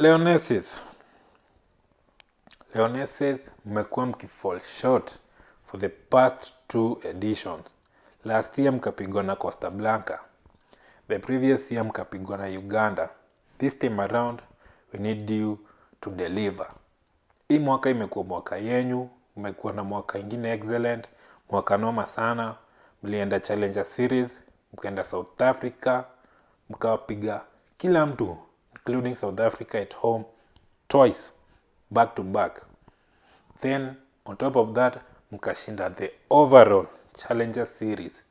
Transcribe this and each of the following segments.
Leonesis, Leonesis mmekuwa mkifall short for the past two editions. Last year mkapigwa na Costa Blanca, the previous year mkapigwa na Uganda. This time around we need you to deliver. Hii mwaka imekuwa mwaka yenyu, mmekuwa na mwaka ingine excellent, mwaka noma sana. Mlienda Challenger Series, mkaenda South Africa, mkawapiga kila mtu including South Africa at home twice back to back. Then on top of that mkashinda the overall Challenger Series,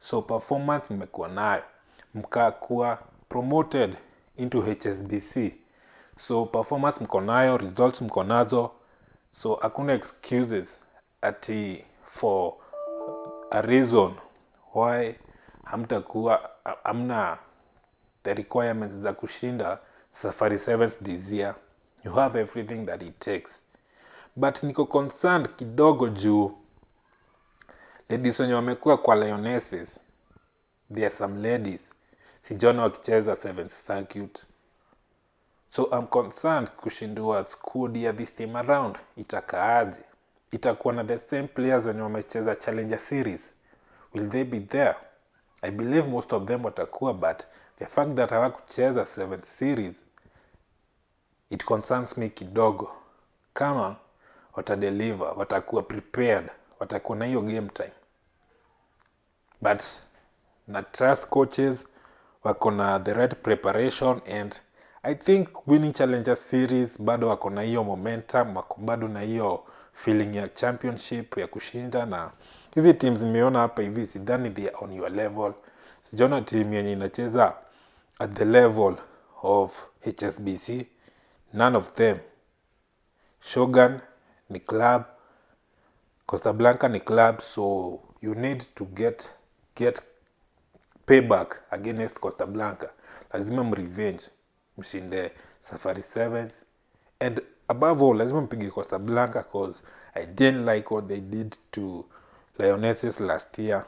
so performance mmekuwa nayo, mkakuwa promoted into HSBC, so performance mko nayo, results mko nazo, so hakuna excuses ati for a reason why hamtakuwa amna the requirements za kushinda Safari Sevens this year. You have everything that it takes, but niko concerned kidogo juu ladies wenye wamekuwa kwa Lionesses, there are some ladies sijaona wakicheza sevens circuit, so I'm concerned kushindua skudia ya this time around itakaaje? Itakuwa na the same players wenye wamecheza Challenger Series, will they be there? I believe most of them watakuwa but the fact that hawakucheza seventh series it concerns me kidogo. Kama watadeliver, watakuwa prepared, watakuwa na hiyo game time, but na trust coaches wako na the right preparation and I think winning challenger series bado wako na hiyo momentum, wako bado na hiyo feeling ya championship ya kushinda, na hizi teams nimeona hapa hivi, sidhani they are on your level. Sijaona team yenye inacheza at the level of HSBC, none of them. Shogun ni club, Costa Blanca ni club, so you need to get get payback against Costa Blanca. Lazima mrevenge, mshinde Safari Sevens and above all lazima mpige Costa Blanca cause I didn't like what they did to Lionesses last year